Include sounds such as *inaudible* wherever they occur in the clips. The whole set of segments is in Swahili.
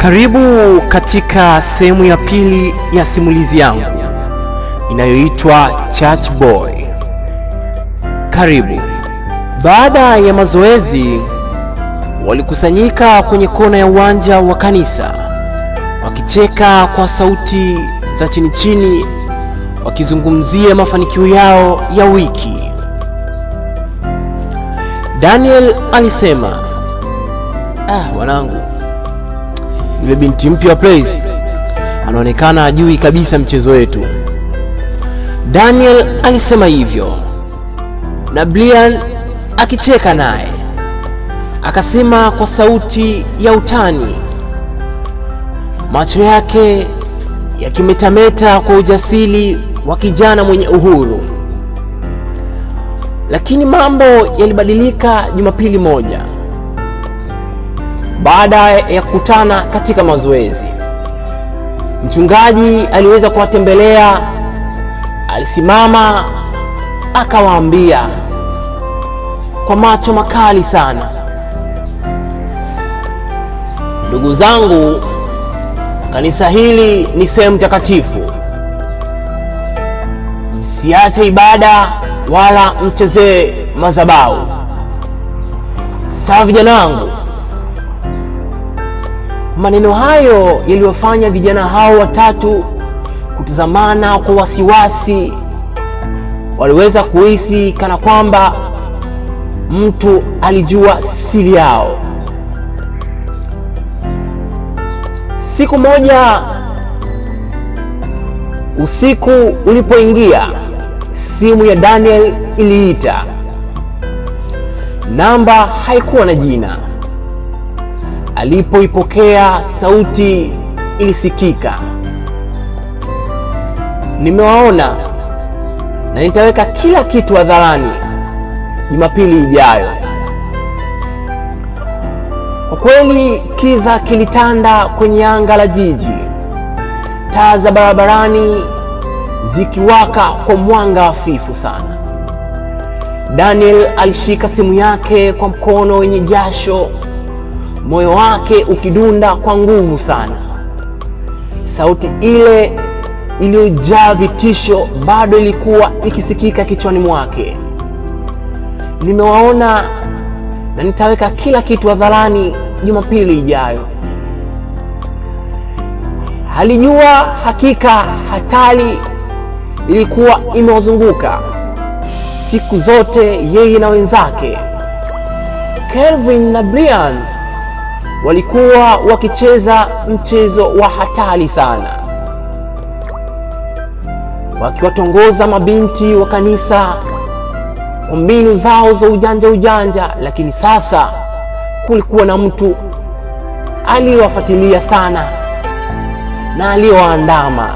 Karibu katika sehemu ya pili ya simulizi yangu inayoitwa Church Boy. Karibu. Baada ya mazoezi, walikusanyika kwenye kona ya uwanja wa kanisa, wakicheka kwa sauti za chini chini, wakizungumzia mafanikio yao ya wiki. Daniel alisema, "Ah, wanangu yule binti mpya wa anaonekana ajui kabisa mchezo wetu. Daniel alisema hivyo na Brian akicheka naye akasema kwa sauti ya utani, macho yake yakimetameta kwa ujasiri wa kijana mwenye uhuru. Lakini mambo yalibadilika Jumapili moja baada ya kukutana katika mazoezi. Mchungaji aliweza kuwatembelea, alisimama akawaambia kwa macho makali sana, ndugu zangu, kanisa hili ni sehemu takatifu, msiache ibada wala msichezee madhabahu. Sawa vijana wangu, Maneno hayo yaliyofanya vijana hao watatu kutazamana kwa wasiwasi. Waliweza kuhisi kana kwamba mtu alijua siri yao. Siku moja usiku ulipoingia, simu ya Daniel iliita. Namba haikuwa na jina. Alipoipokea sauti ilisikika, nimewaona na nitaweka kila kitu hadharani Jumapili ijayo. Kwa kweli kiza kilitanda kwenye anga la jiji, taa za barabarani zikiwaka kwa mwanga hafifu sana. Daniel alishika simu yake kwa mkono wenye jasho moyo wake ukidunda kwa nguvu sana. Sauti ile iliyojaa vitisho bado ilikuwa ikisikika kichwani mwake. Nimewaona na nitaweka kila kitu hadharani Jumapili ijayo. Alijua hakika hatari ilikuwa imewazunguka siku zote, yeye na wenzake Kelvin na Brian walikuwa wakicheza mchezo wa hatari sana, wakiwatongoza mabinti wa kanisa kwa mbinu zao za ujanja ujanja. Lakini sasa kulikuwa na mtu aliyewafuatilia sana na aliyowaandama.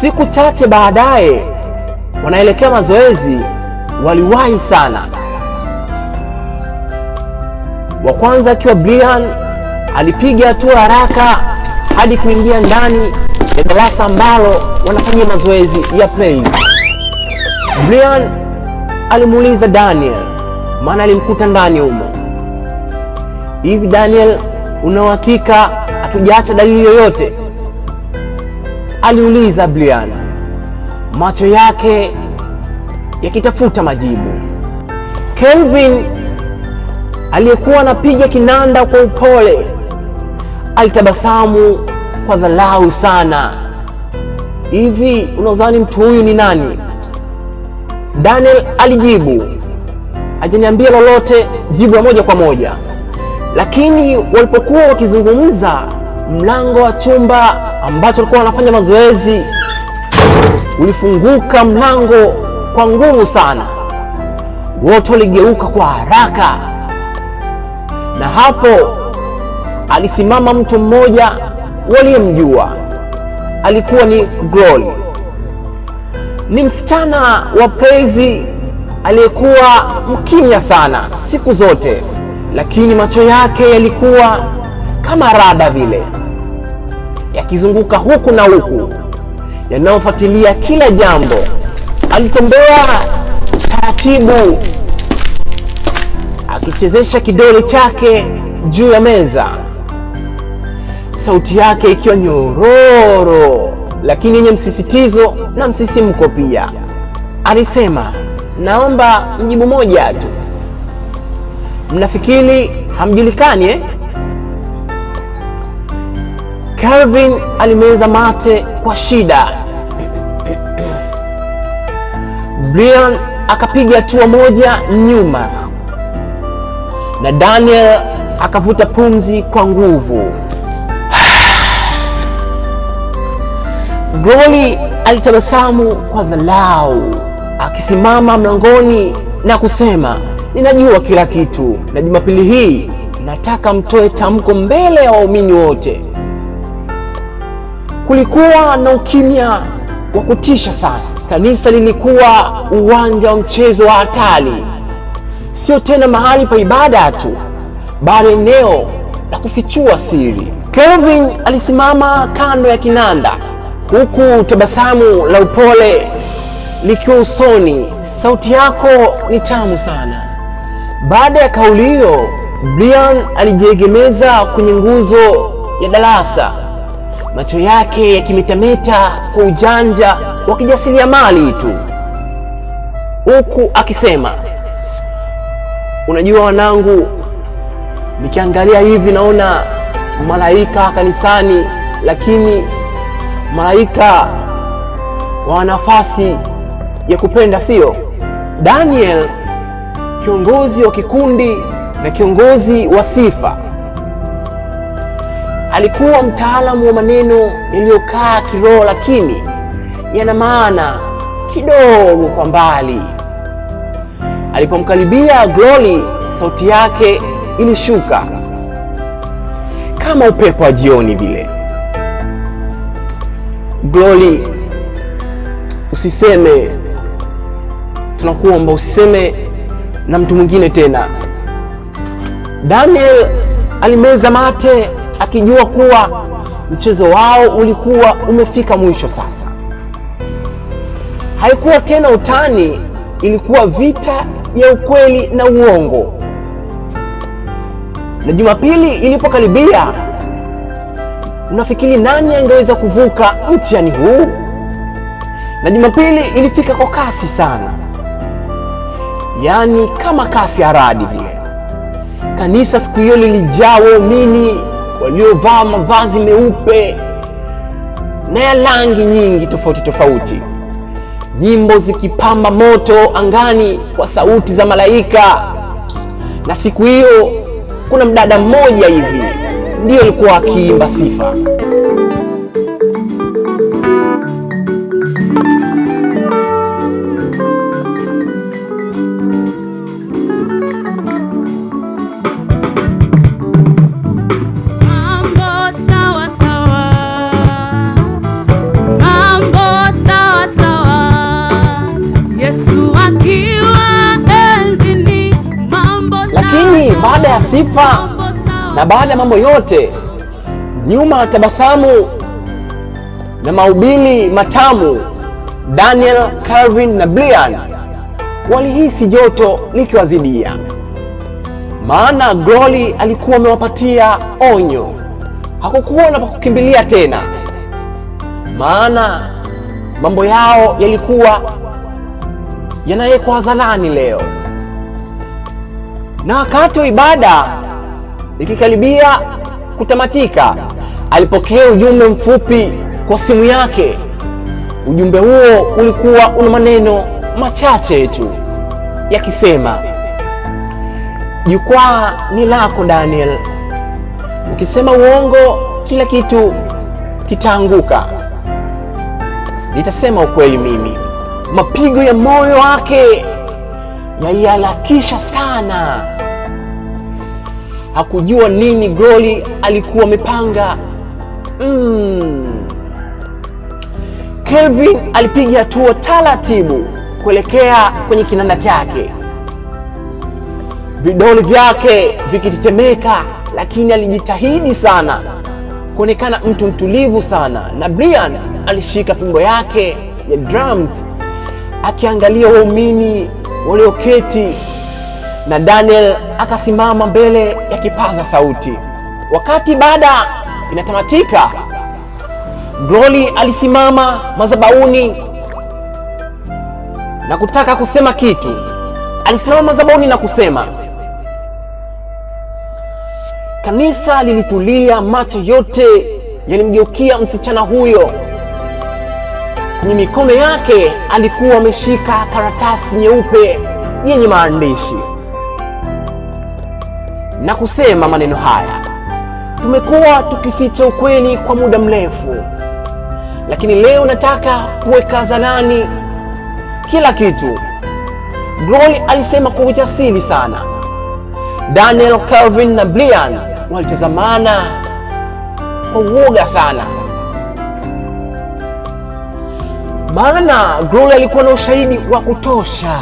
Siku chache baadaye, wanaelekea mazoezi, waliwahi sana wa kwanza akiwa Brian alipiga hatua haraka hadi kuingia ndani ya darasa ambalo wanafanyia mazoezi ya praise. Brian alimuuliza Daniel, maana alimkuta ndani humo, hivi Daniel, una uhakika hatujaacha dalili yoyote? aliuliza Brian, macho yake yakitafuta majibu. Kelvin aliyekuwa anapiga kinanda kwa upole alitabasamu kwa dhalau sana. Hivi unadhani mtu huyu ni nani? Daniel alijibu, hajaniambia lolote, jibu la moja kwa moja. Lakini walipokuwa wakizungumza, mlango wa chumba ambacho walikuwa wanafanya mazoezi ulifunguka mlango kwa nguvu sana. Wote waligeuka kwa haraka na hapo alisimama mtu mmoja waliyemjua alikuwa ni Glory. Ni msichana wa praise aliyekuwa mkimya sana siku zote, lakini macho yake yalikuwa kama rada vile, yakizunguka huku na huku, yanayofuatilia kila jambo. Alitembea taratibu akichezesha kidole chake juu ya meza, sauti yake ikiwa nyororo lakini yenye msisitizo na msisimko pia. Alisema, naomba mjibu moja tu. Mnafikiri hamjulikani eh? Calvin alimeza mate kwa shida. Brian akapiga hatua moja nyuma na Daniel akavuta pumzi kwa nguvu. Goli *sighs* alitabasamu kwa dhalau akisimama mlangoni na kusema, ninajua kila kitu, na Jumapili hii nataka mtoe tamko mbele ya waumini wote. Kulikuwa na ukimya wa kutisha sana. Kanisa lilikuwa uwanja wa mchezo wa hatari sio tena mahali pa ibada tu, bali eneo la kufichua siri. Kelvin alisimama kando ya kinanda, huku tabasamu la upole likiwa usoni. Sauti yako ni tamu sana. Baada ya kauli hiyo, Brian alijiegemeza kwenye nguzo ya darasa, macho yake yakimetameta kwa ujanja wa kijasiriamali tu, huku akisema Unajua wanangu, nikiangalia hivi naona malaika kanisani, lakini malaika wa nafasi ya kupenda sio Daniel, kiongozi wa kikundi na kiongozi wa sifa. Alikuwa mtaalamu wa maneno yaliyokaa kiroho, lakini yana maana kidogo kwa mbali. Alipomkaribia Glory, sauti yake ilishuka kama upepo wa jioni vile. Glory, usiseme tunakuomba, usiseme na mtu mwingine tena. Daniel alimeza mate akijua kuwa mchezo wao ulikuwa umefika mwisho sasa. Haikuwa tena utani, ilikuwa vita ya ukweli na uongo. Na Jumapili ilipokaribia, unafikiri nani angeweza kuvuka mtihani huu? Na Jumapili ilifika kwa kasi sana, yaani kama kasi ya radi vile. Kanisa siku hiyo lilijaa waumini waliovaa mavazi meupe na ya rangi nyingi tofauti tofauti nyimbo zikipamba moto angani kwa sauti za malaika. Na siku hiyo kuna mdada mmoja hivi ndiyo alikuwa akiimba sifa. sifa. Na baada ya mambo yote, nyuma ya tabasamu na maubili matamu, Daniel, Calvin na Brian walihisi joto likiwazidia, maana Glory alikuwa amewapatia onyo. Hakukuwa na pakukimbilia tena, maana mambo yao yalikuwa yanawekwa hadharani leo. Na wakati wa ibada ikikaribia kutamatika, alipokea ujumbe mfupi kwa simu yake. Ujumbe huo ulikuwa una maneno machache tu yakisema, jukwaa ni lako Daniel, ukisema uongo kila kitu kitaanguka. Nitasema ukweli mimi. Mapigo ya moyo wake naiharakisha sana. Hakujua nini Glory alikuwa amepanga. Mm. Kelvin alipiga hatua taratibu kuelekea kwenye kinanda chake, vidole vyake vikitetemeka, lakini alijitahidi sana kuonekana mtu mtulivu sana, na Brian alishika fimbo yake ya drums akiangalia waumini walioketi, na Daniel akasimama mbele ya kipaza sauti. Wakati baada inatamatika, Gloli alisimama madhabahuni na kutaka kusema kitu. Alisimama madhabahuni na kusema. Kanisa lilitulia, macho yote yalimgeukia msichana huyo ni mikono yake alikuwa ameshika karatasi nyeupe yenye maandishi na kusema maneno haya: tumekuwa tukificha ukweli kwa muda mrefu, lakini leo nataka kuweka zanani kila kitu. Grohl alisema kwa ujasiri sana. Daniel, Calvin na Brian walitazamana kwa uoga sana. maana Glory alikuwa na ushahidi wa kutosha,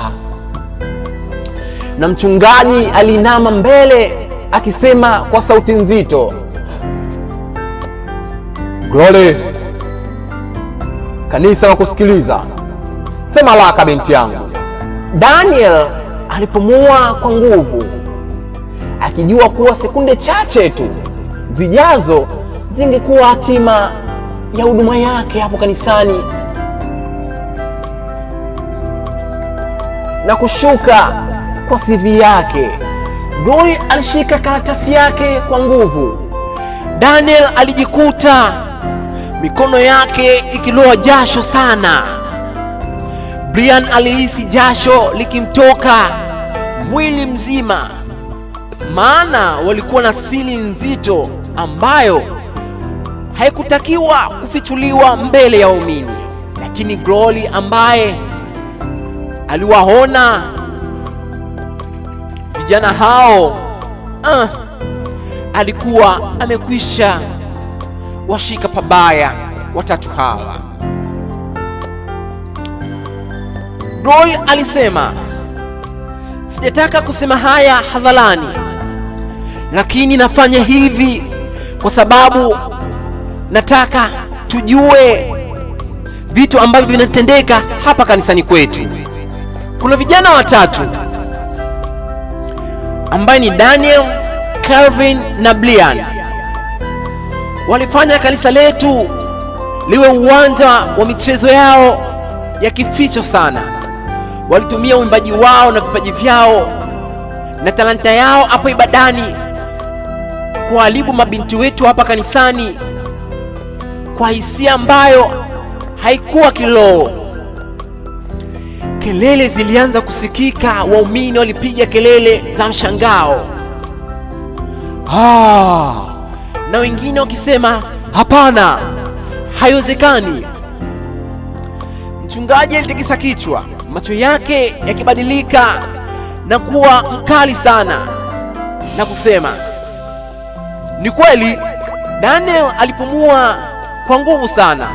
na mchungaji alinama mbele akisema kwa sauti nzito, Glory, kanisa na kusikiliza, sema laka binti yangu. Daniel alipumua kwa nguvu, akijua kuwa sekunde chache tu zijazo zingekuwa hatima ya huduma yake hapo kanisani na kushuka kwa CV yake. Dui alishika karatasi yake kwa nguvu. Daniel alijikuta mikono yake ikiloa jasho sana. Brian alihisi jasho likimtoka mwili mzima, maana walikuwa na siri nzito ambayo haikutakiwa kufichuliwa mbele ya waumini. Lakini Glory ambaye aliwaona vijana hao uh, alikuwa amekwisha washika pabaya watatu hawa. Roy alisema, sijataka kusema haya hadharani, lakini nafanya hivi kwa sababu nataka tujue vitu ambavyo vinatendeka hapa kanisani kwetu kuna vijana watatu ambaye ni Daniel, Calvin na Brian walifanya kanisa letu liwe uwanja wa michezo yao ya kificho sana. Walitumia uimbaji wao na vipaji vyao na talanta yao hapo ibadani kuharibu mabinti wetu hapa kanisani kwa hisia ambayo haikuwa kiroho. Kelele zilianza kusikika, waumini walipiga kelele za mshangao ah, na wengine wakisema hapana, haiwezekani. Mchungaji alitikisa kichwa, macho yake yakibadilika na kuwa mkali sana na kusema, ni kweli. Daniel alipumua kwa nguvu sana,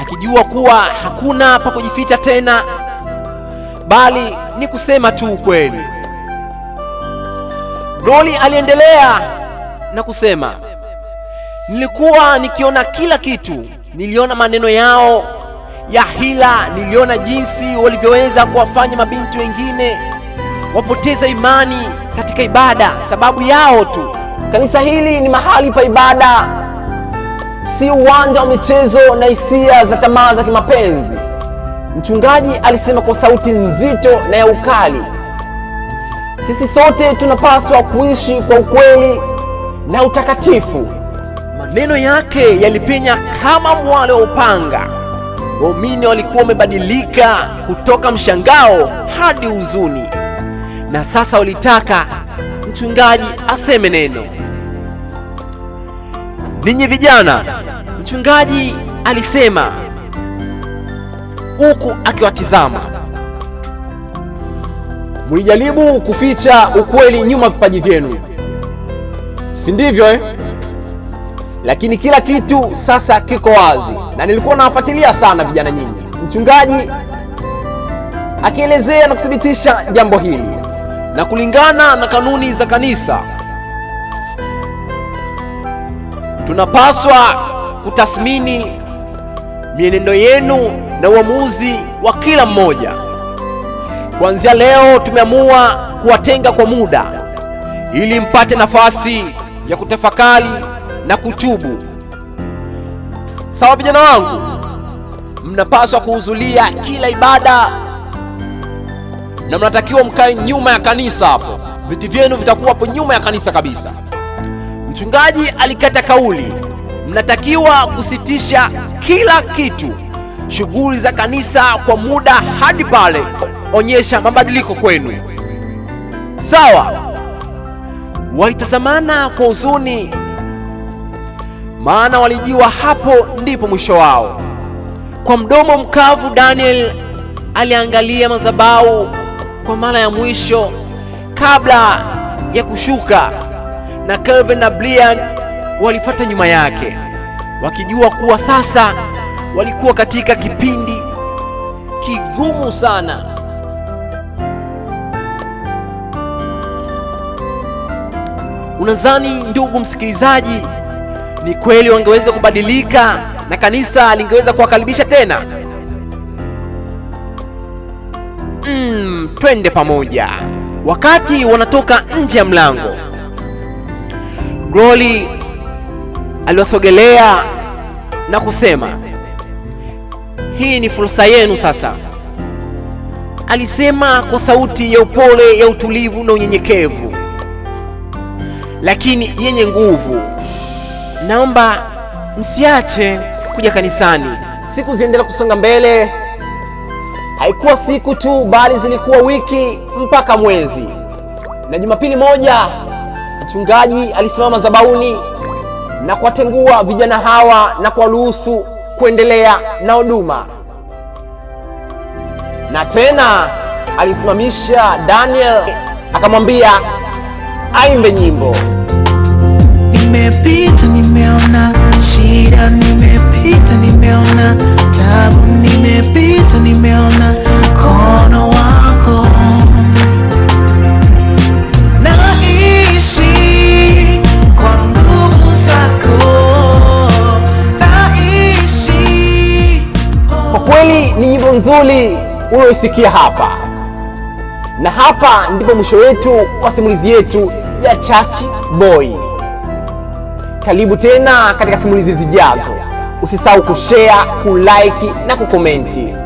akijua kuwa hakuna pa kujificha tena bali ni kusema tu ukweli. roli aliendelea na kusema, nilikuwa nikiona kila kitu. Niliona maneno yao ya hila, niliona jinsi walivyoweza kuwafanya mabinti wengine wapoteza imani katika ibada, sababu yao tu. Kanisa hili ni mahali pa ibada, si uwanja wa michezo na hisia za tamaa za kimapenzi. Mchungaji alisema kwa sauti nzito na ya ukali, sisi sote tunapaswa kuishi kwa ukweli na utakatifu. Maneno yake yalipenya kama mwale wa upanga. Waumini walikuwa wamebadilika kutoka mshangao hadi huzuni, na sasa walitaka mchungaji aseme neno. Ninyi vijana, mchungaji alisema huku akiwatizama. Mlijaribu kuficha ukweli nyuma vipaji vyenu, si ndivyo eh? Lakini kila kitu sasa kiko wazi, na nilikuwa nawafuatilia sana vijana nyinyi, mchungaji akielezea na kuthibitisha jambo hili, na kulingana na kanuni za kanisa tunapaswa kutathmini mienendo yenu na uamuzi wa kila mmoja. Kuanzia leo tumeamua kuwatenga kwa muda ili mpate nafasi ya kutafakari na kutubu. Sawa, vijana wangu, mnapaswa kuhudhuria kila ibada na mnatakiwa mkae nyuma ya kanisa. Hapo viti vyenu vitakuwa hapo nyuma ya kanisa kabisa. Mchungaji alikata kauli, mnatakiwa kusitisha kila kitu shughuli za kanisa kwa muda hadi pale onyesha mabadiliko kwenu. Sawa. Walitazamana kwa huzuni, maana walijua hapo ndipo mwisho wao. Kwa mdomo mkavu, Daniel aliangalia madhabahu kwa mara ya mwisho kabla ya kushuka, na Kelvin na Brian walifuata nyuma yake wakijua kuwa sasa walikuwa katika kipindi kigumu sana. Unadhani ndugu msikilizaji, ni kweli wangeweza kubadilika na kanisa lingeweza kuwakaribisha tena? Mm, twende pamoja. Wakati wanatoka nje ya mlango, Glory aliwasogelea na kusema hii ni fursa yenu sasa, alisema kwa sauti ya upole, ya utulivu na unyenyekevu, lakini yenye nguvu. Naomba msiache kuja kanisani. Siku ziendelea kusonga mbele. Haikuwa siku tu, bali zilikuwa wiki mpaka mwezi. Na Jumapili moja mchungaji alisimama zabauni na kuwatengua vijana hawa na kuwaruhusu kuendelea na huduma. Na tena alisimamisha Daniel akamwambia aimbe nyimbo. Nimepita nimeona shida, nimepita nimeona tabu, nimepita nimeona habari nzuri ulioisikia hapa, na hapa ndipo mwisho wetu wa simulizi yetu ya Church Boy. Karibu tena katika simulizi zijazo. Usisahau kushare, kulike na kukomenti.